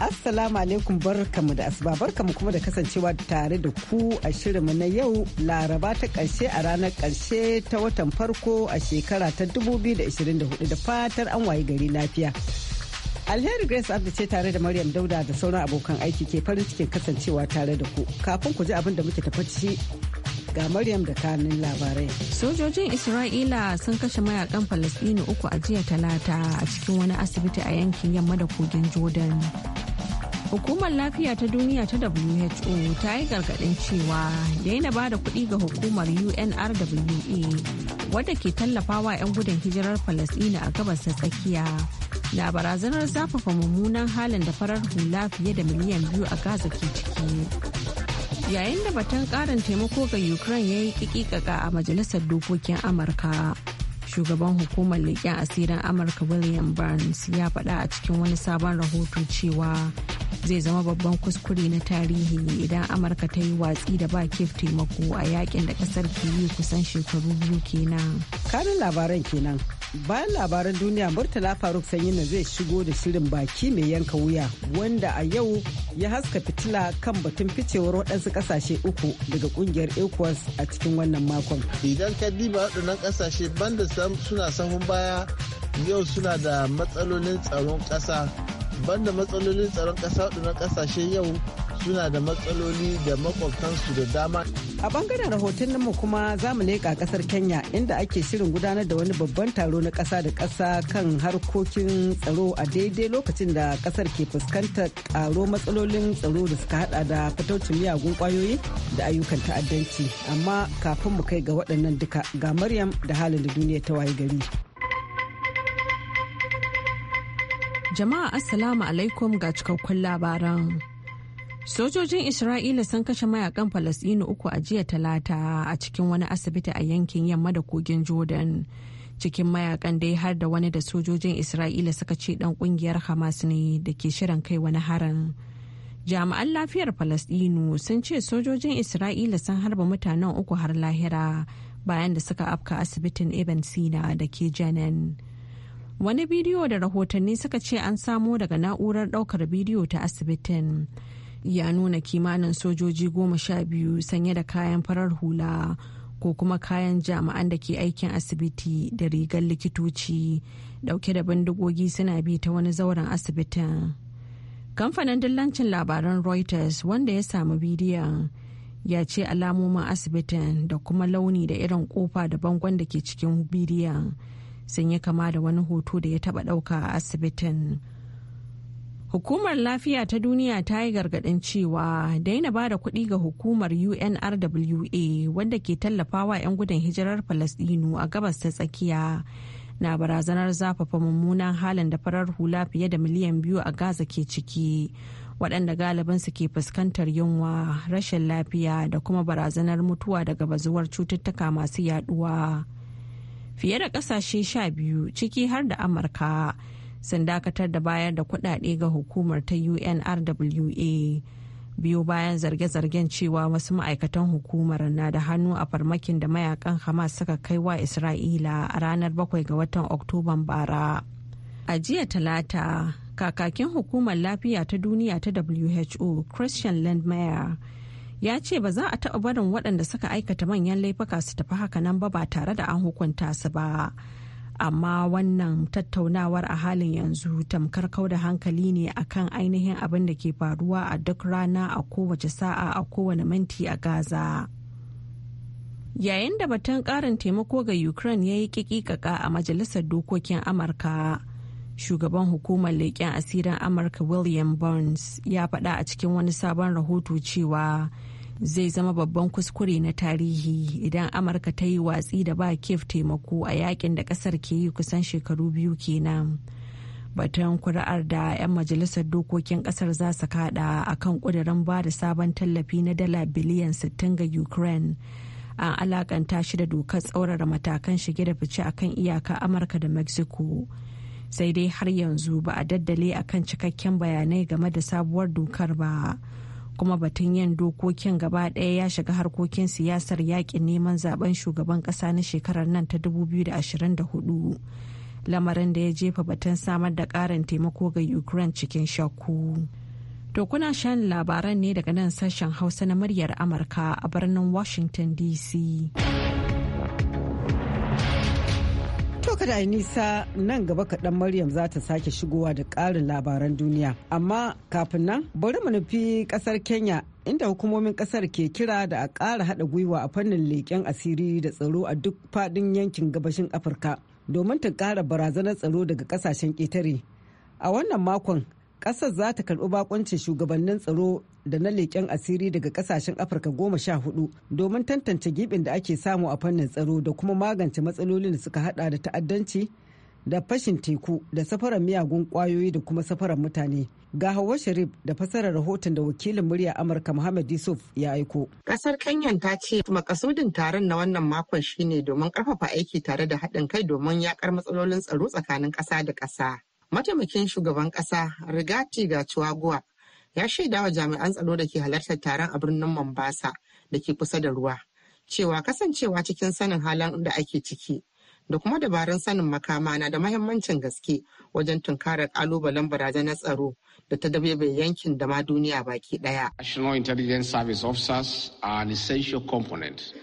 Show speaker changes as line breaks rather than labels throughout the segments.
Assalamu alaikum barkamu da asuba barkamu kuma da kasancewa tare da ku a shirinmu na yau laraba ta ƙarshe a ranar karshe ta watan farko a shekara ta 2024 da fatar an wayi gari lafiya. Alheri Grace Abdi ce tare da Maryam Dauda da sauran abokan aiki ke farin cikin kasancewa tare da ku. Kafin ku ji abin da muke tafaci ga Maryam da kanin labarai.
Sojojin Isra'ila sun kashe mayakan Falasɗinu uku a jiya talata a cikin wani asibiti a yankin yamma da kogin Jordan. Hukumar lafiya ta duniya ta WHO ta yi gargadin cewa da daina ba da kuɗi ga hukumar UNRWA e wadda ke tallafawa 'yan gudun hijirar Falasɗina a gabas ta tsakiya. Na barazanar zafafa mummunan halin da farar hula fiye da miliyan biyu a Gaza ke ciki. Yayin da batun karin taimako ga Ukraine ya yi kikikaka a Majalisar Dokokin Amurka. Shugaban hukumar leƙen asirin Amurka William Burns ya faɗa a cikin wani sabon rahoto cewa zai zama babban kuskure na tarihi idan amurka ta yi watsi da ba kif taimako a yakin da kasar ke yi kusan shekaru biyu kenan
karin labaran kenan bayan labaran duniya murtala faruk sanyi na zai shigo da shirin baki mai yanka wuya wanda a yau ya haska fitila kan batun ficewar waɗansu ƙasashe uku daga ƙungiyar ecowas a cikin wannan
makon idan ka diba waɗannan ƙasashe banda suna sahun baya yau suna da matsalolin tsaron ƙasa banda matsalolin tsaron ƙasa na ƙasashe yau suna da matsaloli da makwabtansu da dama. A bangaren rahoton namu kuma
za mu leƙa ƙasar Kenya inda ake shirin gudanar da wani babban taro na ƙasa da kasa kan harkokin tsaro a daidai lokacin da ƙasar ke fuskantar ƙaro matsalolin tsaro da suka hada da fitaucin miyagun ƙwayoyi da ayyukan ta'addanci. Amma kafin mu kai ga waɗannan duka ga Maryam da halin da duniya ta waye gari.
Jama'a Assalamu alaikum ga cikakkun labaran. Sojojin Isra'ila sun kashe mayakan Falasɗinu uku a jiya talata a cikin wani asibiti a yankin yamma da kogin Jordan. Cikin mayakan dai har da wani da sojojin Isra'ila suka ce ɗan ƙungiyar Hamas ne da ke shirin kai wani harin. jami'an lafiyar Falasɗinu sun ce sojojin isra'ila sun harba mutanen uku har lahira bayan da suka afka asibitin ibn sina da ke janan wani bidiyo da rahotanni suka ce an samo daga na'urar daukar bidiyo ta asibitin ya nuna kimanin sojoji goma sha biyu sanye da kayan farar hula ko kuma kayan jami'an da ke aikin asibiti da rigar likitoci dauke da bindigogi suna bi ta wani zauren asibitin kamfanin dillancin labaran reuters wanda ya samu bidiyon ya ce alamomin asibitin da kuma launi da irin kofa da bangon da ke cikin bidiyon sun yi kama da wani hoto da ya taba ɗauka a asibitin. Hukumar Lafiya ta Duniya ta yi gargaɗin cewa daina ba da kuɗi ga hukumar UNRWA wadda ke tallafawa 'yan gudun hijirar Falasɗinu a gabas ta tsakiya na barazanar zafafa mummunan halin da farar hula fiye da miliyan biyu a Gaza ke ciki waɗanda galibinsu ke fuskantar yunwa, rashin lafiya da kuma barazanar mutuwa daga bazuwar cututtuka masu yaduwa. fiye da kasashe sha biyu ciki har da amurka sun dakatar da bayar da kudade ga hukumar ta unrwa biyu bayan zarge-zargen cewa wasu ma'aikatan hukumar na da hannu a farmakin da mayakan hamas suka kai wa isra'ila a ranar 7 ga watan oktoban bara a jiya talata kakakin hukumar lafiya ta duniya ta who christian landmeyer ya ce ba za a taɓa barin waɗanda suka aikata manyan laifuka su tafi haka nan ba ba tare da an hukunta su ba amma wannan tattaunawar a halin yanzu tamkar kau da hankali ne akan ainihin abin da ke faruwa a duk rana a kowace sa'a a kowane minti a gaza yayin da batun ƙarin taimako ga ukraine ya yi kikikaka a majalisar dokokin amurka shugaban hukumar leƙen asirin amurka william burns ya faɗa a cikin wani sabon rahoto cewa zai zama babban kuskure na tarihi idan amurka ta yi watsi da ba kef taimako a yakin da ƙasar ke yi kusan shekaru biyu kenan batun kuri'ar da 'yan majalisar dokokin kasar za su kada a kan kudirin ba da sabon tallafi na dala biliyan 60 ga ukraine an alakanta shi da dokar tsaurara matakan shige da fice akan iyaka amurka da mexico sai dai har yanzu ba a daddale a kan cikakken bayanai game da sabuwar dokar ba kuma batun yin dokokin gaba ɗaya ya shiga harkokin siyasar yakin neman zaben shugaban ƙasa na shekarar nan ta 2024 lamarin da ya jefa batun samar da ƙarin taimako ga ukraine cikin shakku to kuna shan labaran ne daga nan sashen hausa na muryar amurka a birnin washington dc
kada nisa nan gaba kaɗan Maryam za ta sake shigowa da ƙarin labaran duniya. Amma kafin nan bari mu nufi ƙasar Kenya inda hukumomin ƙasar ke kira da a ƙara haɗa gwiwa a fannin leƙen asiri da tsaro a duk faɗin yankin gabashin Afirka domin ta ƙara barazanar tsaro daga ƙasashen ƙetare. A wannan makon ƙasar za ta karɓi bakuncin shugabannin tsaro da na leƙen asiri daga ƙasashen afirka goma sha hudu domin tantance gibin da ake samu a fannin tsaro da kuma magance matsalolin da suka hada da ta'addanci da fashin teku da safarar miyagun kwayoyi da kuma safarar mutane ga hawa sharif da fasarar rahoton da
wakilin murya amurka muhammad yusuf ya aiko kasar kenya ta ce makasudin taron na wannan makon shine domin karfafa aiki tare da haɗin kai domin yakar matsalolin tsaro tsakanin ƙasa da ƙasa mataimakin shugaban ƙasa rigati ga cuwaguwa ya shaida wa jami'an tsaro da ke halartar taron a birnin Mombasa da ke kusa da ruwa cewa kasancewa cikin sanin halin da ake ciki da kuma dabarun sanin makama na da mahimmancin gaske wajen tunkarar kalubalen barazanar tsaro da ta dabebe yankin da ma duniya baki
daya. National Intelligence Service officers are essential component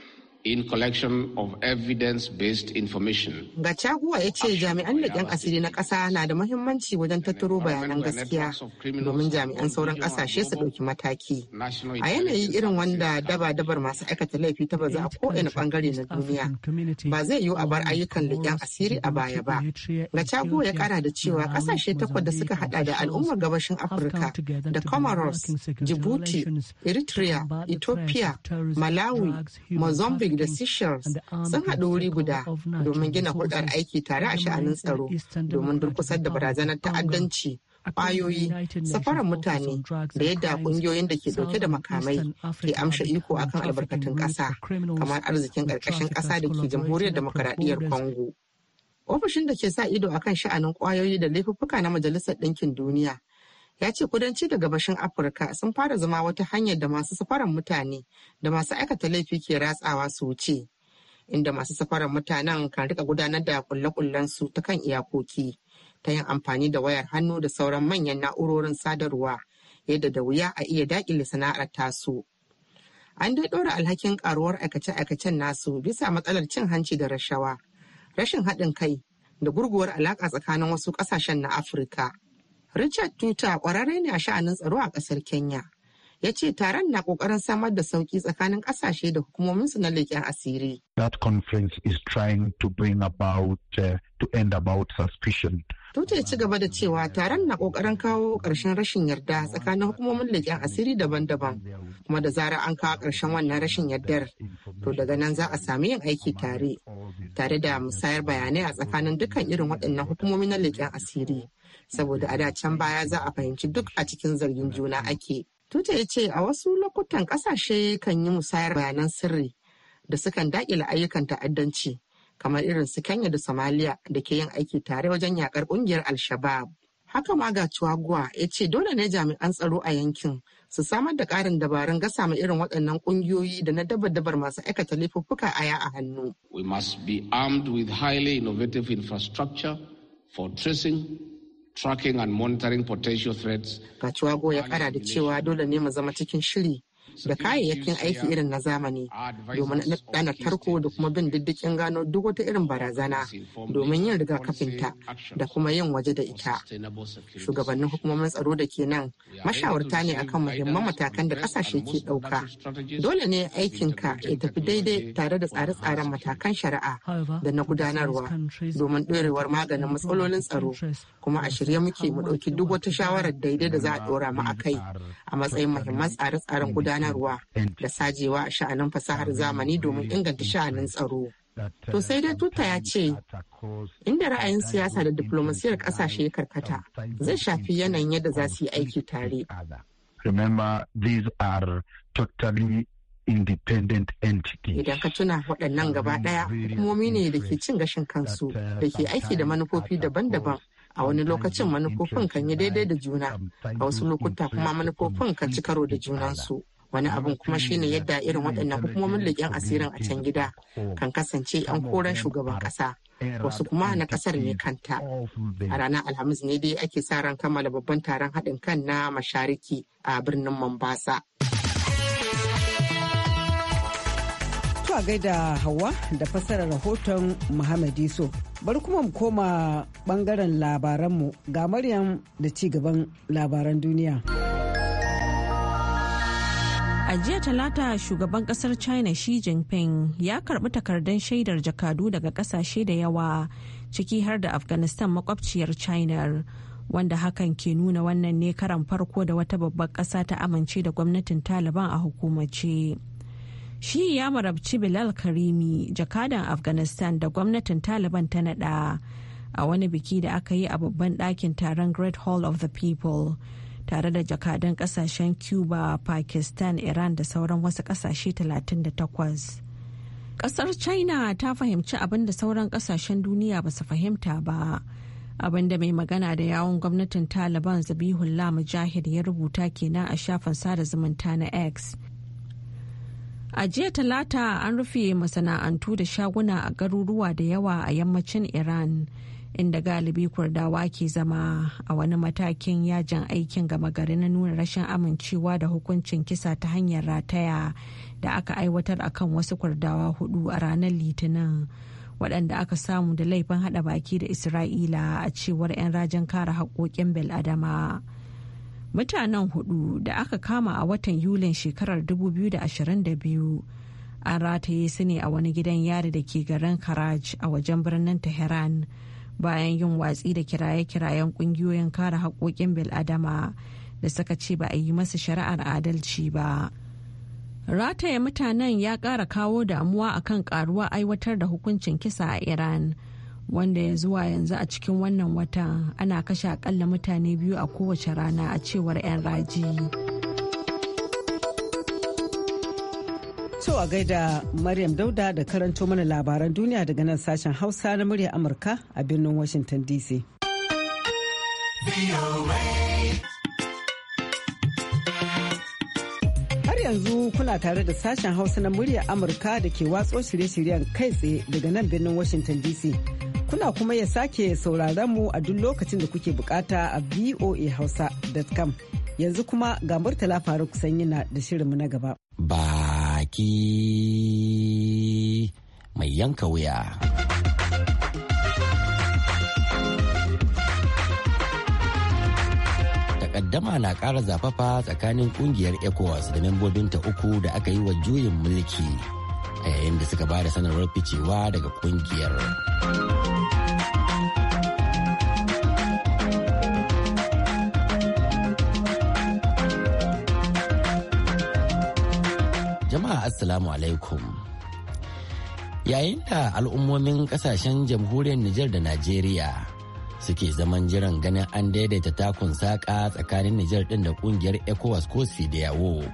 in collection of evidence-based information.
Gachagua ya ce jami'an leƙen asiri na ƙasa na da mahimmanci wajen tattaro bayanan gaskiya domin jami'an sauran ƙasashe su ɗauki mataki. A yanayi irin wanda daba-dabar masu aikata laifi ta baza a kowane ɓangare na duniya ba zai yiwu a bar ayyukan leƙen asiri a baya ba. Gachagua ya ƙara da cewa ƙasashe takwas da suka haɗa da al'ummar gabashin Afirka da Comoros, Djibouti, Eritrea, Ethiopia, Malawi, Mozambique da Seychelles sun haɗu wuri guda domin gina hulɗar aiki tare a sha'anin tsaro domin durkusar da barazanar ta'addanci. ƙwayoyi, safarar mutane da yadda ƙungiyoyin da ke dauke da makamai ke amsha iko akan albarkatun ƙasa kamar arzikin ƙarƙashin ƙasa da ke jamhuriyar demokaradiyyar congo ofishin da ke sa ido akan sha'anin ƙwayoyi da laifuffuka na majalisar ɗinkin duniya ya ce kudanci da gabashin afirka sun fara zama wata hanyar da masu safarar mutane da masu aikata laifi ke ratsawa su wuce inda masu safarar mutanen kan rika gudanar da kulle-kullen su ta kan iyakoki ta yin amfani da wayar hannu da sauran manyan na'urorin sadarwa yadda da wuya a iya dakile sana'ar tasu an dai ɗora alhakin karuwar aikace-aikacen nasu bisa matsalar cin hanci da rashawa rashin haɗin kai da gurguwar alaƙa tsakanin wasu ƙasashen na afirka Richard Tuta kwararre ne a sha'anin tsaro a kasar Kenya. Ya ce taron na kokarin samar da sauki tsakanin kasashe da hukumominsu na leƙen asiri.
That conference is trying to bring about uh, to end about suspicion.
Tuta ya ci gaba da cewa taron na kokarin kawo ƙarshen rashin yarda tsakanin hukumomin leƙen asiri daban-daban. Kuma da zarar an kawo ƙarshen wannan rashin yardar, to daga nan za a sami yin aiki tare. Tare da musayar bayanai a tsakanin dukkan irin waɗannan hukumomin na leƙen asiri. saboda a da can baya za a fahimci duk a cikin zargin juna ake. Tuta ya ce a wasu lokutan ƙasashe kan yi musayar bayanan sirri da sukan daƙila ayyukan ta'addanci kamar irin su Kenya da Somalia da ke yin aiki tare wajen yakar ƙungiyar Al-Shabaab. Haka ma ga Chuagua ya ce dole ne jami'an tsaro a yankin su samar da ƙarin dabarun gasa ma irin waɗannan ƙungiyoyi da na dabar-dabar masu aikata laifuffuka a ya a
hannu. We must be armed with highly innovative infrastructure for tracing tracking and monitoring potential threats. Pachuago ya kara da cewa dole ne mu
zama cikin shiri da kayayyakin aiki irin na zamani domin ɗana tarko da kuma bin diddikin gano duk wata irin barazana domin yin rigakafinta da kuma yin waje da ita. Shugabannin hukumomin tsaro da ke nan mashawarta ne akan muhimman matakan da kasashe ke ɗauka. Dole ne aikinka ya tafi daidai tare da tsare-tsaren matakan shari'a da na gudanarwa domin ɗorewar maganin matsalolin tsaro kuma a shirye muke mu ɗauki duk wata shawarar daidai da za a ɗora mu a kai a matsayin muhimman tsare-tsaren gudanarwa. gudanarwa da sajewa a sha'anin fasahar zamani domin inganta sha'anin tsaro. Uh, to sai dai tuta ya ce, inda ra'ayin siyasa da diplomasiyar ƙasashe ya karkata zai shafi yanayin yadda za su yi aiki tare.
Remember, these are Idan
ka tuna waɗannan gaba ɗaya hukumomi ne da ke cin gashin kansu uh, da ke aiki da manufofi daban-daban. A wani lokacin manufofin kan yi daidai da juna, a wasu lokuta kuma manufofin kan ci karo da junansu. wani abin kuma shine yadda irin waɗannan hukumomin leƙen asirin a can gida kan kasance 'yan koren shugaban ƙasa wasu kuma na kasar ne kanta a ranar alhamis ne dai ake sa ran kammala babban taron haɗin kan na mashariki a birnin mombasa a gaida hawa
da fassarar rahoton Muhammad Iso. Bari kuma mu koma bangaren labaranmu ga Maryam da ci gaban labaran duniya.
jiya talata shugaban kasar China Xi Jinping ya karbi takardun shaidar jakadu daga kasashe da yawa ciki har da Afghanistan makwabciyar China wanda hakan ke nuna wannan ne karan farko da wata babbar kasa ta amince da gwamnatin Taliban a hukumace. Shi ya marabci Bilal Karimi jakadan Afghanistan da gwamnatin Taliban ta nada a wani biki da aka yi a babban dakin taron Great Hall of the People. tare da jakadan kasashen cuba pakistan iran da sauran wasu kasashe 38 kasar china ta fahimci abin da sauran kasashen duniya ba su fahimta ba abin da mai magana da yawon gwamnatin taliban zabihullah mujahid ya rubuta kenan a shafin sada zumunta na x a jiya talata an rufe masana'antu da shaguna a garuruwa da yawa a yammacin iran inda galibi kurdawa ke zama a wani matakin yajin aikin gama gari na nuna rashin amincewa da hukuncin kisa ta hanyar rataya da aka aiwatar akan wasu kurdawa hudu a ranar litinin waɗanda aka samu da laifin haɗa baki da isra'ila a cewar 'yan rajin kare haƙoƙin bel'adama mutanen hudu da aka kama a watan yulin shekarar 2022 an rataye su ne a wani gidan yari da ke garin karaj a wajen birnin tehran bayan yin watsi da kiraye-kirayen kungiyoyin kare haƙoƙin bil'adama da suka ce ba a yi masa shari'ar adalci ba. Rataye mutanen ya ƙara kawo damuwa akan ƙaruwa aiwatar da hukuncin kisa a Iran. Wanda ya zuwa yanzu a cikin wannan watan ana kashe akalla mutane biyu a kowace rana a cewar 'yan raji.
To a gaida Maryam Dauda da karanto mana labaran duniya daga nan sashen Hausa na murya Amurka a birnin Washington DC. Har yanzu kuna tare da sashen Hausa na murya Amurka da ke watso shirye-shiryen kai tsaye daga nan birnin Washington DC. Kuna kuma ya sake sauraron mu a duk lokacin da kuke bukata a voahausa.com. Yanzu kuma ga Murtala Faruk yana da shirinmu na gaba.
Ba. baki mai yanka wuya. Takaddama na ƙara zafafa tsakanin ƙungiyar ECOWAS da membobin ta uku da aka yi wa juyin mulki a yayin da suka ba da sanarwar ficewa daga ƙungiyar. assalamu alaikum yayin da al'ummomin kasashen jamhuriyar Nijar da Najeriya suke zaman jiran ganin an daidaita takun saƙa tsakanin Nijar ɗin da ƙungiyar ECOWAS ko yawo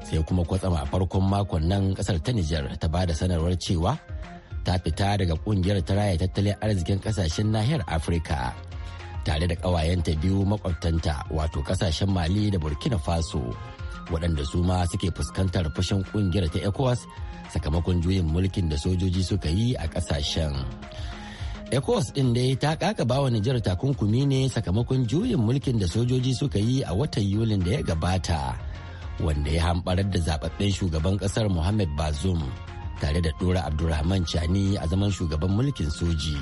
sai kuma kwatsama a farkon makon nan ƙasar ta Nijar ta ba da sanarwar cewa ta fita daga ƙungiyar ta raya tattalin arzikin ƙasashen nahiyar Afirka tare da ƙawayenta biyu makwabtanta wato ƙasashen Mali da Burkina Faso. waɗanda su ma suke fuskantar fushin ƙungiyar ta ecowas sakamakon juyin mulkin da sojoji suka yi a ƙasashen ecowas ɗin dai ta ƙaƙaba wa nijar takunkumi ne sakamakon juyin mulkin da sojoji suka yi a watan yulin da ya gabata wanda ya hamɓarar da zaɓaɓɓen shugaban ƙasar mohamed bazoum tare da ɗora abdulrahman chani a zaman shugaban mulkin soji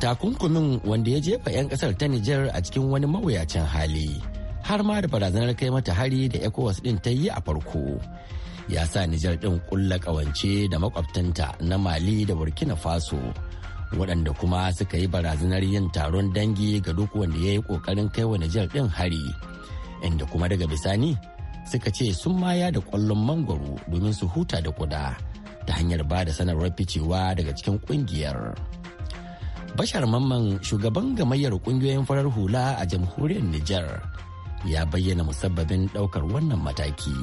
takunkumin wanda ya jefa 'yan ƙasar ta Nijar a cikin wani mawuyacin hali har ma da barazanar kai mata hari da ecowas din ta yi a farko ya sa nijar din kulla kawance da makwabtanta na mali da burkina faso waɗanda kuma suka yi barazanar yin taron dangi ga duk wanda ya yi ƙoƙarin kai wa nijar din hari inda kuma daga bisani suka ce sun maya da ƙwallon mangwaro domin su huta da kuda ta hanyar ba da sanarwar ficewa daga cikin ƙungiyar. Bashar Mamman shugaban gamayyar ƙungiyoyin farar hula a jamhuriyar Nijar ya bayyana musabbabin ɗaukar wannan mataki.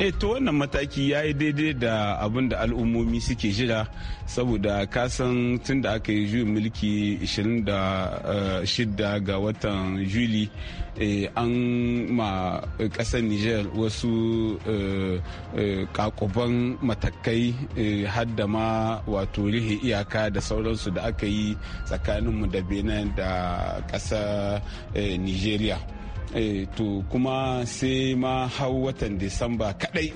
e to wannan mataki ya yi daidai da abin da al'ummomi suke jira saboda kasan tun da aka yi juyin mulki 26 eh, ga watan juli eh, an ma kasar niger wasu kakuban matakai hadda ma wato rihe iyaka da sauransu da aka yi tsakaninmu da benin da kasar nigeria Eh, to kuma sai ma hau watan disamba kadai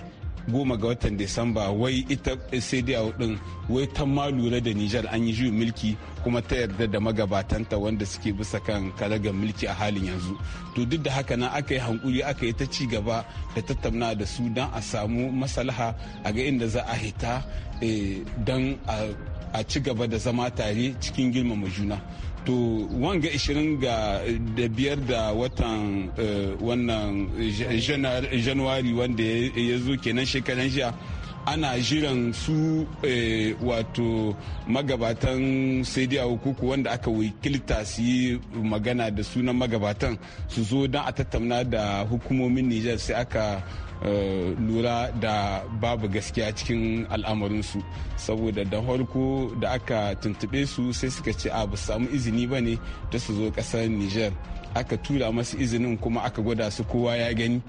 goma ga watan disamba wai ita cdo eh, din wai ta ma lura da nijar an yi juyin mulki kuma ta yarda da magabatanta wanda suke bisa kan karagar mulki a halin yanzu to duk da haka nan aka yi hankuri aka yi ta ci gaba da tattauna da su don a samu masalaha a ga inda za a hita eh, don a ci gaba da zama tare cikin girmama juna to wanga 20 ga da biyar da watan eh, wannan januari wanda ya zo kenan shekaran jiya ana jiran su eh, wato magabatan sai dai hukuku wanda aka wakilta su yi magana da sunan magabatan su zo don a tattauna da hukumomin nijar sai aka eh, lura da babu gaskiya cikin al'amarinsu saboda da harko da aka tuntube su sai suka ce a ba samu izini ba ne da su zo kasar niger aka tura masu izinin kuma aka gwada su kowa ya gani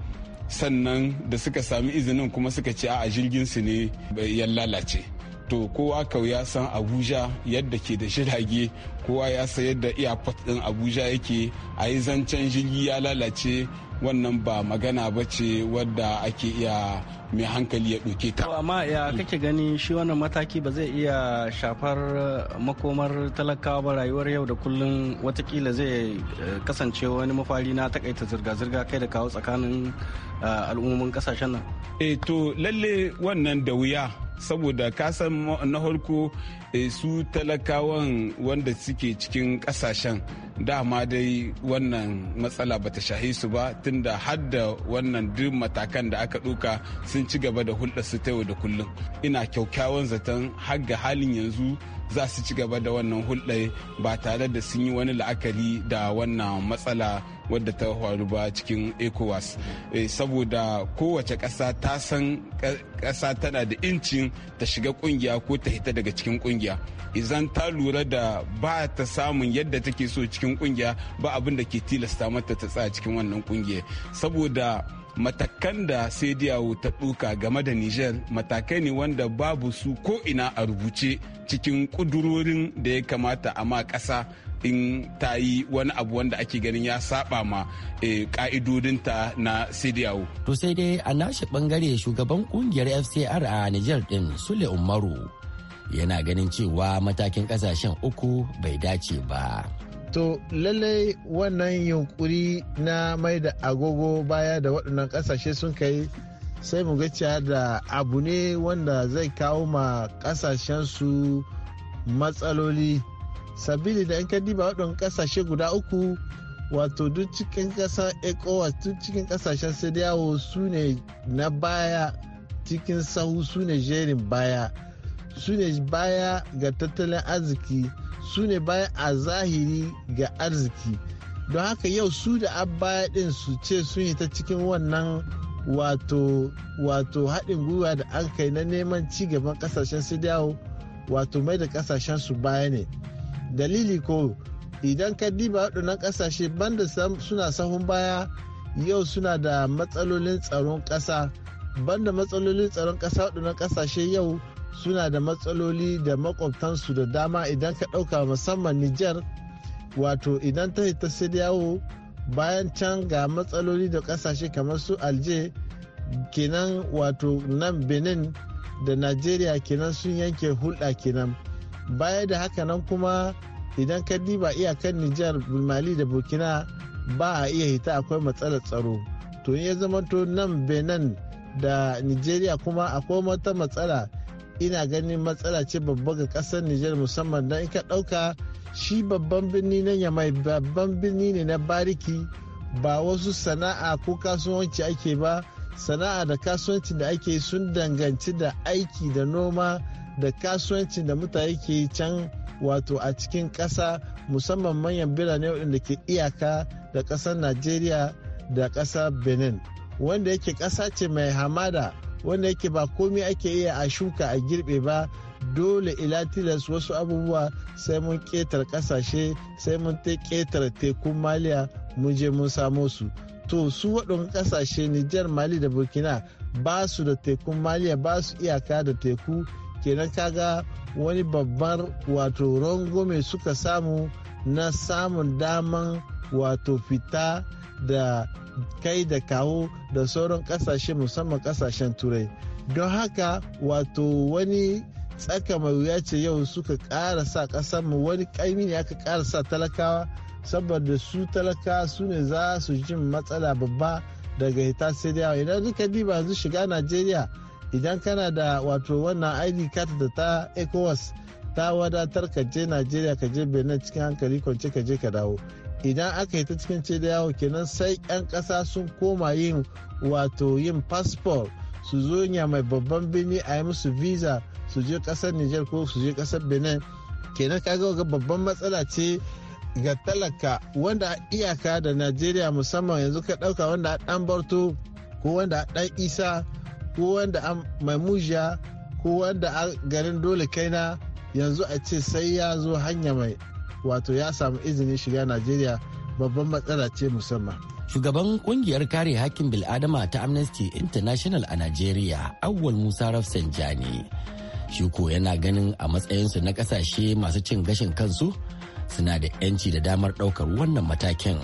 sannan da suka sami izinin kuma suka ce a jirgin su ne ya lalace to kowa kau ya san abuja yadda ke da jirage kowa ya san yadda airport din abuja yake a yi zancen jirgi ya lalace wannan ba magana ba ce wadda ake iya mai hankali ya ɗauke ta.
amma ya kake gani shi wannan mataki ba zai iya shafar eh, makomar talakawa ba rayuwar yau da kullum watakila zai eh, kasance wani mafari na takaita zirga-zirga kai da kawo tsakanin eh,
al'ummomin kasashen nan. e to lalle wannan da wuya saboda kasan na harko eh, su talakawan wanda suke cikin kasashen dama dai wannan matsala bata shahe su ba tunda har da wannan duk matakan da aka ɗauka sun ci gaba da hulɗa su ta yau da kullum ina kyaukyawan zaton har ga halin yanzu za su ci gaba da wannan hulɗa ba tare da sun yi wani la'akari da wannan matsala wadda ta faru ba cikin ecowas eh, saboda kowace ƙasa ta san ƙasa tana da incin ta shiga kungiya ko ta hita daga cikin kungiya izan ta lura da ba ta samun yadda take so cikin kungiya ba abin da ke tilasta mata ta tsaya cikin wannan kungiya saboda matakan da sai diyawo ta ɗuka game da niger matakai ne wanda babu su ko ina a rubuce cikin ƙudurorin da ya kamata a ma ƙasa in ta yi wani abu wanda ake ganin ya saba ma eh, ka'idodinta na cdao to sai
dai a nashi bangare shugaban kungiyar fcr a niger din sule umaru yana ganin cewa matakin kasashen uku bai dace ba
to lallai wannan yunkuri na mai da agogo baya da waɗannan ƙasashe sun kai sai mu cewa da abu ne wanda zai kawo ma ƙasashensu matsaloli sabili da in ka diba waɗannan ƙasashe guda uku wato duk cikin ƙasar ecowas duk cikin ƙasashen sai yawo su ne na baya cikin sahu su ne jerin baya su ne baya ga tattalin arziki su ne baya a zahiri ga arziki don haka yau su da abaya din su ce sun yi ta cikin wannan wato wato haɗin gwiwa da an kai na neman ci gaban ƙasashen su wato mai da ƙasashen su baya ne dalili ko idan ka diba waɗannan ƙasashe banda suna sahun baya yau suna da matsalolin tsaron ƙasa banda matsalolin tsaron ƙasa waɗannan ƙasashe yau suna da matsaloli da makwabtansu da dama idan ka ɗauka musamman Nijar wato idan ta ta yawo bayan can ga matsaloli da ƙasashe kamar su alje kenan wato nan benin da najeriya kenan sun yanke hulɗa kenan baya da haka nan kuma idan ka diba iyakar nijar mali da burkina ba a iya hita akwai matsalar tsaro to ya zama to nan benin da nigeria kuma akwai wata matsala ina ganin matsala ce babba ga kasar nijar musamman don in ka ɗauka shi babban birni na yamai babban birni ne na bariki ba wasu sana'a ko kasuwanci ake ba sana'a da kasuwanci da ake sun danganci da aiki da noma da kasuwancin da mutane ke can wato a cikin ƙasa musamman manyan birane waɗanda ke iyaka da ƙasar najeriya da ƙasar benin wanda yake ƙasa ce mai hamada wanda yake ba komai ake iya a shuka a girbe ba dole ilatilas wasu abubuwa sai mun ƙetar ƙasashe sai mun ƙetar tekun maliya mun je mun samo su to su waɗin ƙasashe nijar mali da burkina ba su da tekun maliya ba su iyaka da teku kenan kaga wani babbar wato rangume suka samu na samun daman wato fita da kai da kawo da sauran kasashe musamman kasashen turai don haka wato wani tsaka mai wuya ce yau suka ƙara sa mu wani ƙaimi ne aka ƙara sa talakawa saboda su talaka su ne za su jin matsala babba daga hita sai da yawa idan duka ba yanzu shiga najeriya idan kana da wato wannan id card da ta ecowas ta wadatar ka je najeriya ka je benin cikin hankali kwance ka je ka dawo idan aka yi ta cikin ce da yawo kenan sai 'yan kasa sun koma yin wato yin passport su zo ya mai babban birni a yi musu visa su je kasar niger ko su je kasar benin kenan kaga ga babban matsala ce ga talaka wanda iyaka da najeriya musamman yanzu ka dauka wanda dan barto ko wanda dan isa ko wanda an maimujiya ko wanda a garin dole kaina yanzu a ce sai ya zo hanya mai wato ya samu izinin shiga najeriya babban matsala ce musamman
shugaban kungiyar kare hakkin bil'adama ta amnesty international a najeriya awwal musa rafsanjani shi ko yana ganin a matsayinsu na kasashe masu cin gashin kansu suna da 'yanci da damar ɗaukar wannan matakin.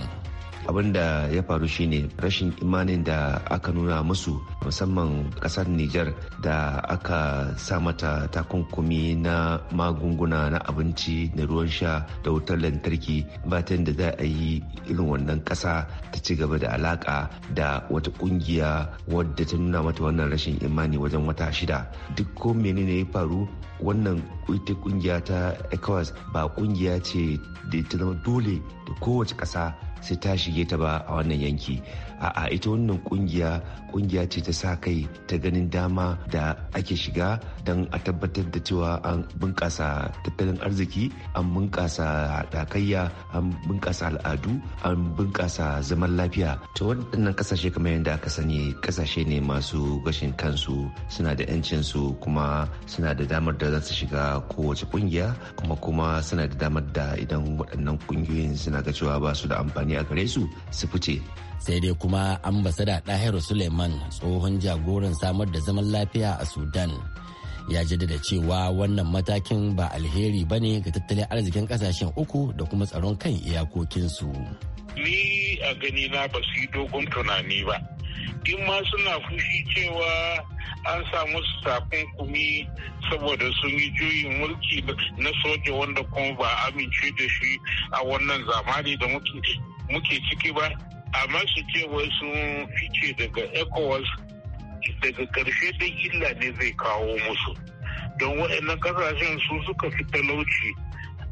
abin da ya faru shine rashin imanin da aka nuna musu musamman kasar niger da aka sa mata takunkumi na magunguna na abinci da ruwan sha da wutar lantarki batan da za a yi irin wannan kasa ta ci gaba da alaka da wata kungiya wadda ta nuna mata wannan rashin imani wajen wata shida duk ko menene ya faru wannan ita kungiya ta ecowas ba kungiya ce da ta zama dole da kowace ƙasa sai ta shige ta ba a wannan yanki a'a ita wannan kungiya kungiya ce ta sa kai ta ganin dama da ake shiga don a tabbatar da cewa an bunƙasa tattalin arziki an bunƙasa haɗakayya an bunƙasa al'adu an bunƙasa zaman lafiya to waɗannan ƙasashe kamar yadda aka sani ƙasashe ne masu gashin kansu suna da 'yancinsu kuma suna da damar da za su shiga kowace ƙungiya kuma kuma suna da damar da idan waɗannan ƙungiyoyin suna ga cewa ba su da amfani a gare su su fice sai dai kuma ambasada ɗahiru suleiman
tsohon jagoran samar da zaman lafiya a sudan ya jaddada cewa wannan matakin ba alheri ba ne ga tattalin arzikin kasashen uku da kuma tsaron kan iyakokinsu.
Ni a gani na ba su yi dogon tunani ba. In ma suna fushi cewa an samu su kumi saboda sun yi juyin mulki na soja wanda kuma ba amince da shi a wannan zamani da muke ciki ba. Amma su ce wai sun fice daga ECOWAS daga ƙarshe da illa ne zai kawo musu don waɗannan ƙasashen su suka fi talauci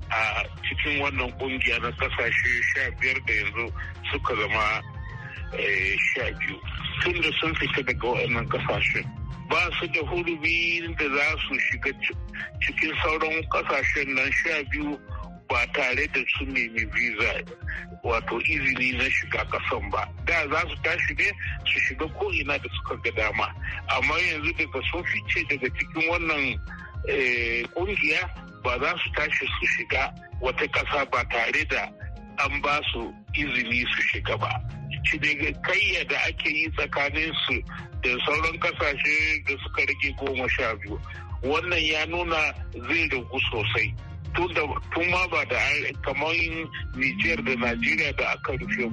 a cikin wannan ƙungiya na ƙasashe sha biyar da yanzu suka zama eh, sha biyu tun da sun fita daga waɗannan ƙasashen ba su da hurumi da za su shiga cikin sauran ƙasashen nan sha biyu ba tare da su nemi visa wato izini na shiga kasan ba da za su tashi ne su shiga ko'ina da suka ga dama amma yanzu daga sun fice daga cikin wannan eh, kungiya ba za su tashi su shiga wata ƙasa ba tare da an ba su izini su shiga ba shi daga kayya da ake yi tsakanin su da sauran kasashe da suka rage goma sha biyu wannan ya nuna zai ragu sosai tun ma ba da kamar Nijar da Najeriya da aka rufe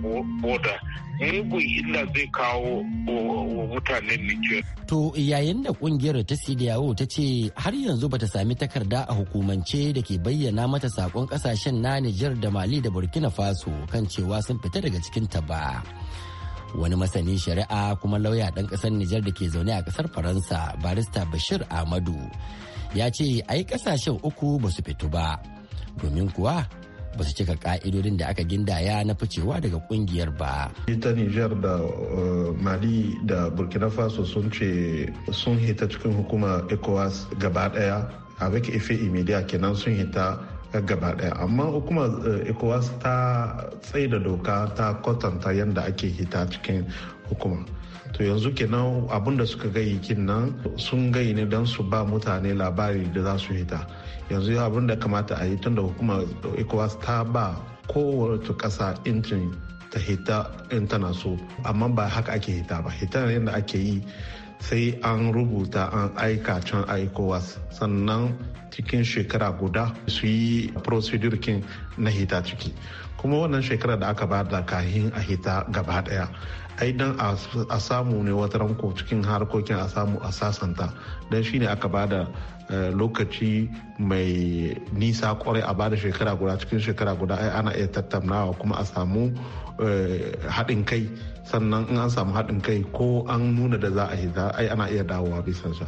boda mugun illa zai kawo wa mutanen Nijar.
To yayin da kungiyar ta CDAO ta ce har yanzu bata sami takarda a hukumance da ke bayyana mata sakon kasashen na Nijar da Mali da Burkina Faso kan cewa sun fita daga cikin ta ba. Wani masani shari'a kuma lauya ɗan ƙasar Nijar da ke zaune a ƙasar Faransa barista Bashir Ahmadu ya ce ai kasashen uku ba su fito ba domin kuwa ba su cika ka'idodin da aka gindaya na ficewa daga kungiyar ba.
ita niger da eh, mali da burkina faso sun ce sun hita cikin hukuma ecowas gaba daya avec effet immédiat kenan sun hita gaba daya amma hukumar eh, ecowas ta tsaida doka ta kwatanta yadda ake hita cikin hukuma to yanzu kenan abin da suka kin nan sun gayi ne don su ba mutane labari da za su hita yanzu abin da kamata a yi tun da hukumar ecowas ta ba kowace kasa intin ta hita in tana so amma ba haka ake hita ba hita ne da ake yi sai an rubuta an aika can a ecowas sannan cikin shekara guda su yi prosedurkin na hita ciki kuma wannan shekara da aka ba da kahin a hita gaba daya ai dan a samu ne wata ranko cikin harkokin a samu a sasanta don shine aka ba da eh, lokaci mai nisa kwarai a bada shekara guda cikin shekara guda ai ana iya tattaunawa kuma a samu eh, haɗin kai sannan in an samu haɗin kai ko an nuna da za a yi ai ana iya dawowa bisansa sa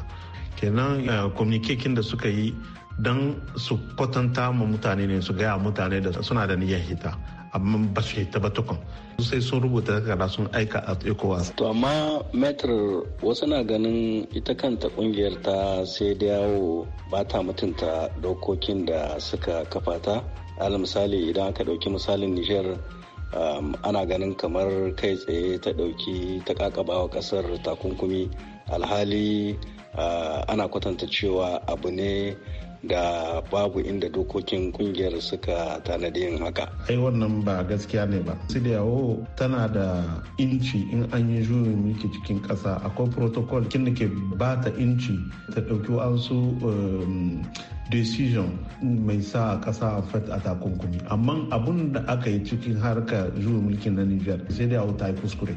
kenan eh, communication da suka yi don su kwatanta ma mutane ne su gaya mutane da suna da niyyar hita amma ba su ta ba tukun sai sun rubuta takarda sun aika a ecowas
to amma metro
wasu na ganin ita kanta kungiyar ta sai da yawo ba ta mutunta dokokin da suka kafata ta misali idan aka dauki misalin niger um, ana ganin kamar kai tsaye ta dauki ta ƙasar kasar takunkumi alhali uh, ana kwatanta cewa abu ne da babu inda dokokin kungiyar suka tanadi yin haka. Ai wannan ba gaskiya ne
ba. CDAO tana da inci in an yi juyin mulki cikin ƙasa akwai protocol kin da ke ba ta inci ta ɗauki su um, decision mai sa ƙasa fet a takunkumi amma abun da aka yi cikin harkar juyin mulkin na niger sai dai a ta yi kuskure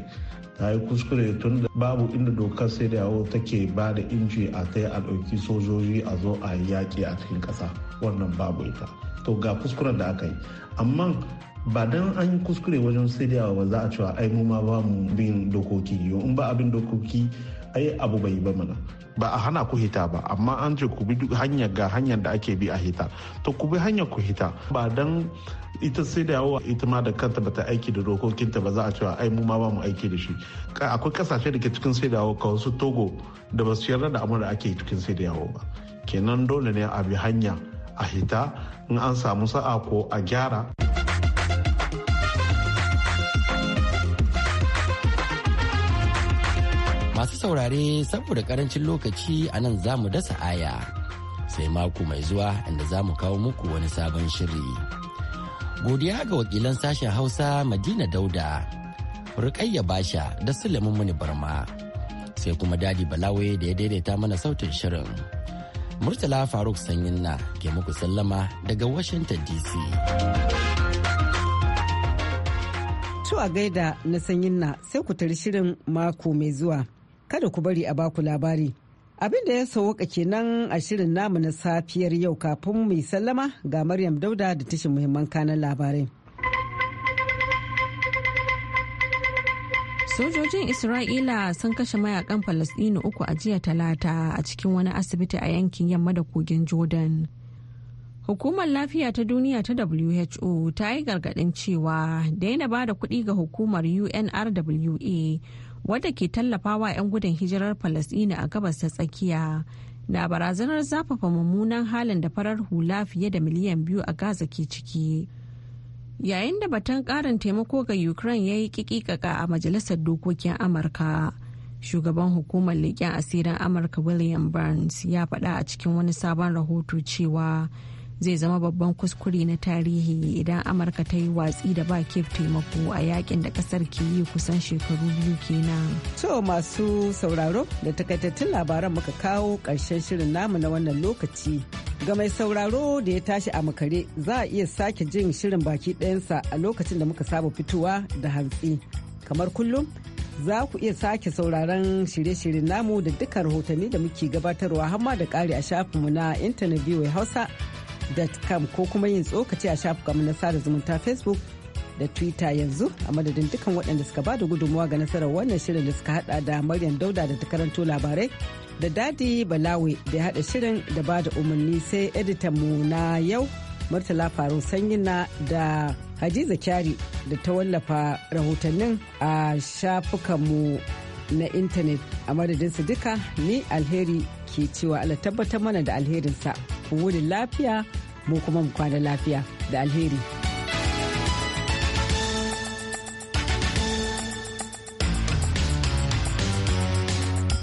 ta yi kuskure tun da babu inda dokar sai da yawo take ba da inji a ta a ɗauki sojoji a zo a yaƙi a cikin ƙasa wannan babu ita to ga kuskuren da aka yi amma ba dan an yi kuskure wajen sai da ba za a cewa ai mu ma ba mu bin dokoki yau in ba abin dokoki ai abu bai ba mana ba a hana ku hita ba amma an ce ku bi hanyar ga hanyar da ake bi a hita to ku bi hanyar ku hita ba dan ita sai da yawa ita ma da kanta bata aiki da dokokinta ba za a cewa ai mu ma ba mu aiki da shi akwai kasashe da ke cikin sai da yawo kawai su togo da ba su yarda da amur da ake cikin sai da yawo ba kenan dole ne a bi hanya a hita in an samu sa'a ko a gyara
masu saurare saboda karancin lokaci a nan za mu dasa aya sai mako mai zuwa inda za mu kawo muku wani sabon shiri. Godiya ga wakilan sashen Hausa Madina Dauda, Rukayya Basha da Sulaiman Muni Barma. Sai kuma Dadi Balawe da ya daidaita mana sautin shirin. Murtala Faruk Sanyinna ke muku sallama daga Washington DC.
To a gaida na Sanyinna sai ku tari shirin mako mai zuwa. Kada ku bari a baku labari. Abin da ya sauka kenan a shirin namu na safiyar yau kafin mai sallama ga Maryam Dauda da tashin muhimman kanan labarai.
Sojojin Isra'ila sun kashe mayakan Falasɗinu uku a jiya talata a cikin wani asibiti a yankin yamma da kogin Jordan. Hukumar lafiya ta duniya ta WHO ta yi gargaɗin cewa daina ba da kuɗi ga hukumar UNRWA wadda ke tallafawa 'yan gudun hijirar falasdina a gabas ta tsakiya. Na barazanar zafafa mummunan halin da farar hula fiye da miliyan biyu a Gaza ke ciki. Yayin da batun Karin taimako ga Ukraine ya yi kikikaka a Majalisar Dokokin Amurka. Shugaban hukumar leƙen asirin Amurka William Burns ya faɗa a cikin wani sabon rahoto cewa zai zama babban kuskure na tarihi idan amurka ta yi watsi da ba kif taimako a yakin da kasar ke yi kusan shekaru biyu kenan
to masu sauraro da takaitattun labaran muka kawo karshen shirin namu na wannan lokaci ga mai sauraro da ya tashi a makare za a iya sake jin shirin baki ɗayansa a lokacin da muka saba fitowa da hantsi kamar kullum za ku iya sake sauraron shirye-shiryen namu da duka rahotanni da muke gabatarwa hamma da ƙari a shafinmu na intanet hausa facebook.com ko kuma yin tsokaci a shafukanmu na sada zumunta facebook da twitter yanzu a madadin dukkan waɗanda suka bada gudunmuwa ga nasarar wannan shirin da suka hada da maryam dauda da ta karanto labarai da dadi balawe da ya hada shirin da ba da umarni sai editan mu na yau murtala faru sanyina da haji kyari da ta wallafa rahotannin a shafukanmu na intanet a madadin su duka ni alheri ke cewa ala tabbatar mana da alherinsa ku wuni lafiya mu kuma mu kwana lafiya da alheri.